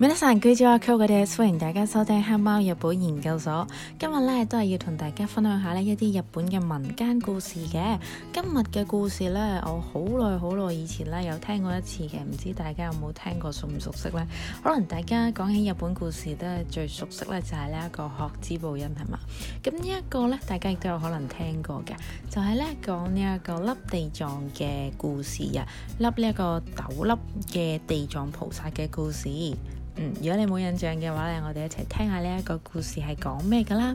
歡迎大家收聽黑貓日本研究所。今日咧都係要同大家分享一下呢一啲日本嘅民間故事嘅。今日嘅故事咧，我好耐好耐以前咧有聽過一次嘅，唔知大家有冇聽過熟唔熟悉呢？可能大家講起日本故事都係最熟悉咧，這個，就係呢一個鶴之報恩」係嘛。咁呢一個咧，大家亦都有可能聽過嘅，就係、是、咧講呢一個笠地藏嘅故事啊，笠呢一個斗笠嘅地藏菩薩嘅故事。嗯，如果你冇印象嘅話咧，我哋一齊聽下呢一個故事係講咩㗎啦。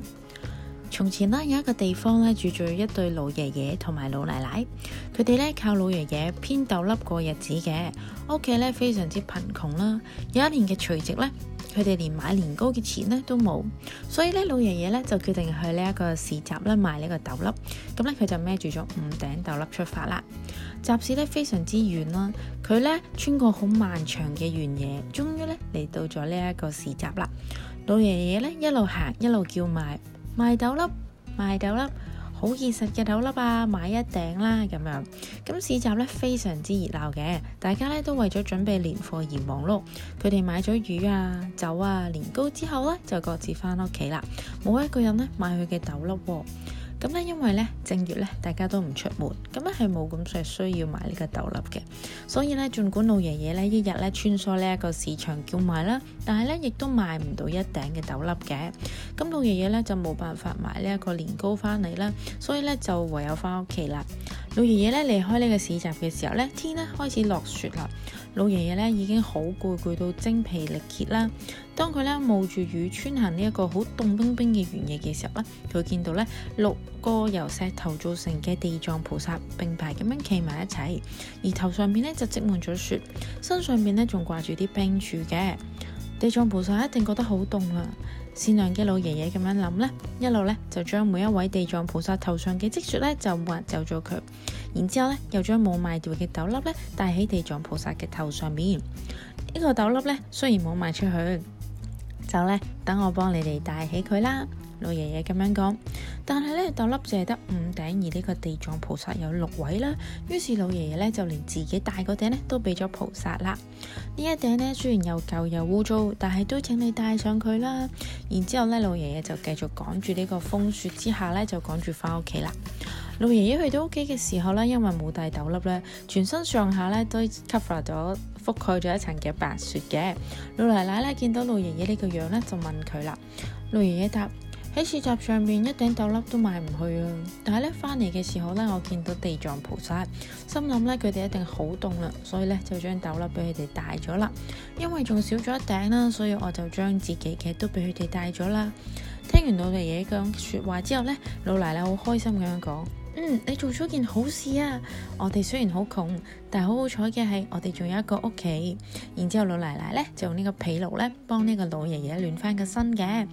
從前咧，有一個地方咧，住著一對老爺爺同埋老奶奶，佢哋咧靠老爺爺編斗笠過日子嘅屋企咧非常之貧窮啦。有一年嘅除夕咧，佢哋連買年糕嘅錢咧都冇，所以咧老爺爺咧就決定去呢一個市集咧賣呢個斗笠。咁咧佢就孭住咗五頂斗笠出發啦。集市咧非常之遠啦，佢咧穿過好漫長嘅原野，終於咧嚟到咗呢一個市集啦。老爺爺咧一路行一路叫賣。賣斗笠、賣斗笠，好現實嘅斗笠啊！買一頂啦，咁樣，咁市集咧非常之熱鬧嘅，大家咧都為咗準備年貨而忙碌。佢哋買咗魚啊、酒啊、年糕之後咧，就各自翻屋企啦，冇一個人咧買佢嘅斗笠啊。咁咧，因為咧正月咧，大家都唔出門，咁咧係冇咁需需要買呢個斗笠嘅，所以咧，儘管老爺爺咧一日咧穿梭呢一個市場叫賣啦，但係咧亦都賣唔到一頂嘅斗笠嘅，咁老爺爺咧就冇辦法買呢一個年糕翻嚟啦，所以咧就唯有翻屋企啦。老爺爺咧離開呢個市集嘅時候咧，天咧開始落雪啦，老爺爺咧已經好攰攰到精疲力竭啦。當佢咧冒住雨穿行呢一個好凍冰冰嘅原野嘅時候咧，佢見到咧六個由石頭做成嘅地藏菩薩並排咁樣企埋一齊，而頭上邊咧就積滿咗雪，身上邊咧仲掛住啲冰柱嘅地藏菩薩一定覺得好凍啊！善良嘅老爺爺咁樣諗咧，一路咧就將每一位地藏菩薩頭上嘅積雪咧就滑走咗佢，然之後咧又將冇賣掉嘅斗笠咧戴喺地藏菩薩嘅頭上面。呢、這個斗笠咧雖然冇賣出去。就咧，等我幫你哋戴起佢啦，老爺爺咁樣講。但係呢，斗笠淨係得五頂，而呢個地藏菩薩有六位啦。於是老爺爺呢，就連自己戴嗰頂咧都俾咗菩薩啦。呢一頂呢，雖然又舊又污糟，但係都請你戴上佢啦。然之後咧，老爺爺就繼續趕住呢個風雪之下呢，就趕住返屋企啦。老爺爺去到屋企嘅時候呢因為冇帶斗笠呢全身上下呢都 cover 咗覆蓋咗一層嘅白雪嘅。老奶奶呢見到老爺爺呢個樣呢，就問佢啦。老爺爺答：喺市集上面一頂斗笠都賣唔去啊。但係呢翻嚟嘅時候呢，我見到地藏菩薩，心諗呢佢哋一定好凍啦，所以呢就將斗笠俾佢哋戴咗啦。因為仲少咗一頂啦，所以我就將自己嘅都俾佢哋戴咗啦。聽完老爺爺講説話之後呢，老奶奶好開心咁樣講。嗯，你做咗件好事啊！我哋雖然好窮，但係好好彩嘅係，我哋仲有一個屋企。然之後老奶奶呢，就用呢個被爐呢，幫呢個老爺爺暖翻個身嘅，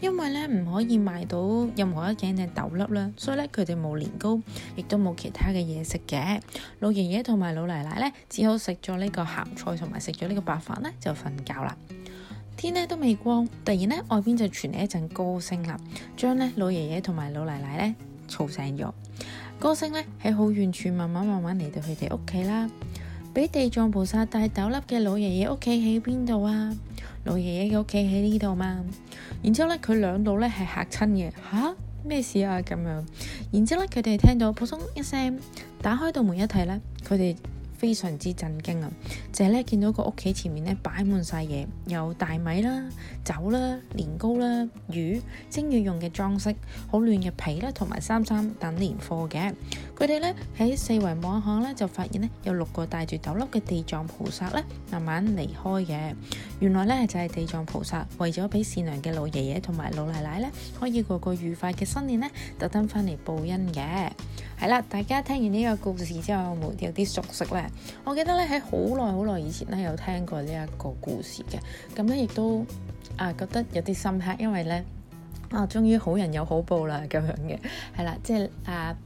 因為呢，唔可以賣到任何一件嘅豆粒啦，所以呢，佢哋冇年糕，亦都冇其他嘅嘢食嘅。老爺爺同埋老奶奶呢，只好食咗呢個鹹菜同埋食咗呢個白飯呢，就瞓覺啦。天呢都未光，突然呢，外邊就傳嚟一陣歌聲啦，將呢老爺爺同埋老奶奶呢吵醒咗。歌聲呢，喺好遠處慢慢慢慢嚟到佢哋屋企啦。俾地藏菩薩帶斗笠嘅老爺爺屋企喺邊度啊？老爺爺嘅屋企喺呢度嘛。然之後呢，佢兩度呢係嚇親嘅，吓，咩事啊咁樣。然之後呢，佢哋聽到撲通一聲，打開道門一睇呢，佢哋。非常之震驚啊！就係咧，見到個屋企前面咧擺滿晒嘢，有大米啦、酒啦、年糕啦、魚、正月用嘅裝飾，好嫩嘅皮啦，同埋衫衫等年貨嘅。佢哋咧喺四圍望吓咧就發現咧有六個戴住斗笠嘅地藏菩薩咧慢慢離開嘅。原來咧就係地藏菩薩為咗俾善良嘅老爺爺同埋老奶奶咧可以過個愉快嘅新年咧，特登翻嚟報恩嘅。係啦，大家聽完呢個故事之後有冇有啲熟悉呢？我記得咧喺好耐好耐以前咧有聽過呢一個故事嘅，咁咧亦都啊覺得有啲深刻，因為呢，啊終於好人有好報啦咁樣嘅。係啦，即係啊。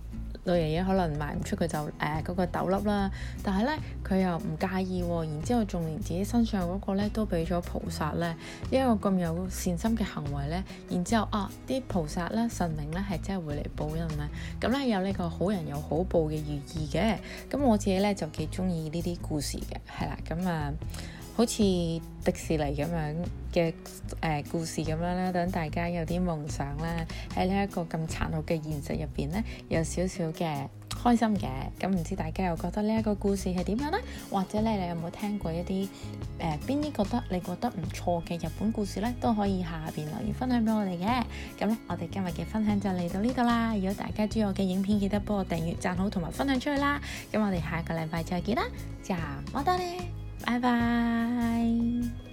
老爺爺可能賣唔出佢就誒嗰、呃那個斗笠啦，但係呢，佢又唔介意喎、啊，然之後仲連自己身上嗰個咧都俾咗菩薩呢。一個咁有善心嘅行為呢，然之後啊啲菩薩啦神明呢係真係會嚟報恩咧，咁呢，有呢個好人有好報嘅寓意嘅，咁我自己呢，就幾中意呢啲故事嘅，係啦，咁啊～、嗯好似迪士尼咁樣嘅誒故事咁樣啦，等大家有啲夢想啦。喺呢一個咁殘酷嘅現實入邊呢，有少少嘅開心嘅。咁唔知大家又覺得呢一個故事係點樣呢？或者咧，你有冇聽過一啲誒邊啲覺得你覺得唔錯嘅日本故事呢？都可以下邊留言分享俾我哋嘅。咁咧，我哋今日嘅分享就嚟到呢度啦。如果大家中意我嘅影片，記得幫我訂閱、讚好同埋分享出去啦。咁我哋下一個禮拜再見啦，就我得咧。拜拜。